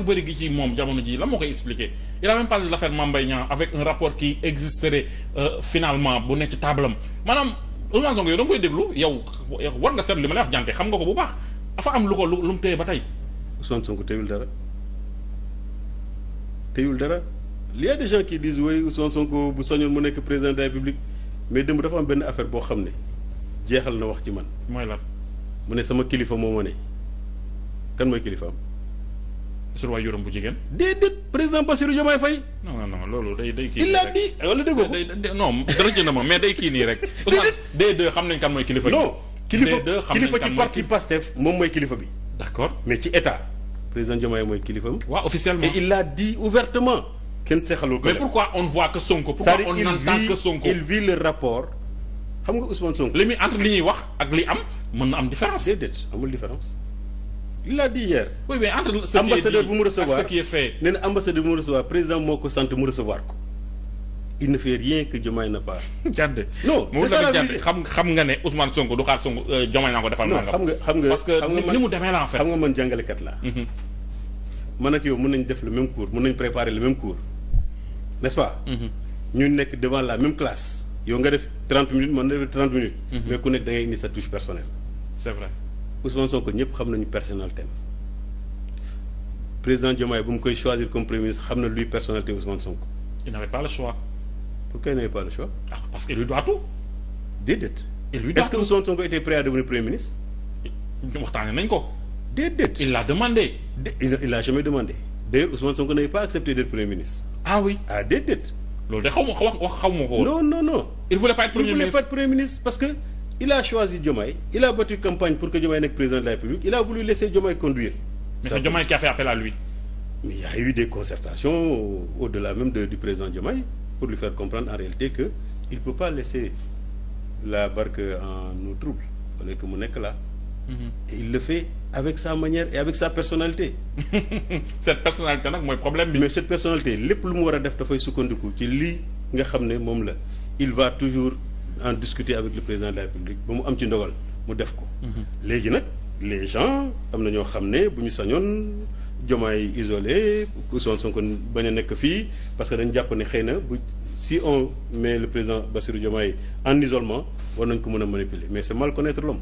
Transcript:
gu bari gi ci moom jamono ji la moo koy expliquer il a même parlé de l'affaire Mame Mbaye Niang avec un rapport qui existerait euh, finalement bu nekk ci taabalam maanaam Ousmane Sonko yow koy déglu yow war nga seet li ma lay wax jante xam ko bu baax dafa am lu ko lu mu téye ba tey. Ousmane Sonko téyul dara téyul dara il y a des gens qui disent bu sañoon mu nekk président de mais démb dafa benn affaire boo xam ne jeexal na wax ci man. mooy lan mu ne sama kilifa moo ma ne kan mooy kilifaam. sur waajuram bu jigéen. déedéet président Bassirou Diomaye Faye. non non non loolu day day. kii euh, day non dara jënd ma nii rek. déedéet xam nañ kan mooy kilifa. non kilifa kilifa ci parti Pastef moom mooy kilifa bi. d' accord mais ci état président Diomaye mooy kilifa waaw officiellement et il l' a ouvertement kenn seexalul ko mais pourquoi on voit que Sonko. pourquoi on n'entend que Sonko il vit le rapport. xam nga Ousmane Sonko. li muy entre li ñuy wax ak li am mën na am différence. déedéet amul différence. il l'a dit hier. oui mais entre ce ambassadeur bu mu recevoir qui est na bu mu recevoir président moo ko sant mu recevoir ko. il ne rien que Diomaye n'a pas. jàdd non c'est ça xam nga ne Ousmane Sonko du euh, ko defal. non xam nga xam nga parce que ni mu demee la en fait. xam nga man mhm. def le même cours mën nañ préparer le même cours nest pas. Mhm. ñu nekk devant la même classe. yow nga def 30 minutes man nga def 30 minutes. Mhm. mais ku nekk da indi sa touche personnelle. Ousmane Sonko ñëpp xam nañu personnalité président Diomaye bu mu koy choisir comme premier ministre xam na luy personnalité Ousmane Sonko. il n'avait pas le choix. pourquoi il n'avait pas le choix. ah parce il lui doit tout. déedéet. il lui doit tout est-ce que Ousmane Sonko était prêt à devenir premier ministre. waxtaanee nañ ko. déedéet. il l'a de il il l'a jamais demandé. d'ailleurs Ousmane Sonko n'avait pas accepté d'être premier ministre. ah oui ah déedéet. loolu de xaw ma wax wax xaw ma ko. non non il voulait pas être premier ministre pas être parce que. il a choisi Diomaye il a battu campagne pour que Diomaye nekk président de la République il a voulu laisser Diomaye conduire. mais c'est Diomaye a fait appel à lui. mais il y a eu des concertations au-delà même de, du président Diomaye pour lui faire comprendre en réalité que il peut pas laisser la barque en eau trouble fallait que mu nekk la mm-hmm. et il le fait avec sa manière et avec sa personnalité. cette personnalité nag mooy problème bi. mais cette personnalité lépp lu mu war a def dafay sukkandiku ci lii nga xam ne moom la il toujours. en discuter avec le président de la République ba mu am ci ndogal mu def ko. Mhm. léegi nag les gens am na ñoo xam ne bu ñu sañoon jomaay isolé Ousmane ko bañ a nekk fii parce que dañ jàpp ne xëy na bu si on mais le président Bassirou Diomaye en isolement war nañ ko mën a manipuler mais c'est mal connaître l'homme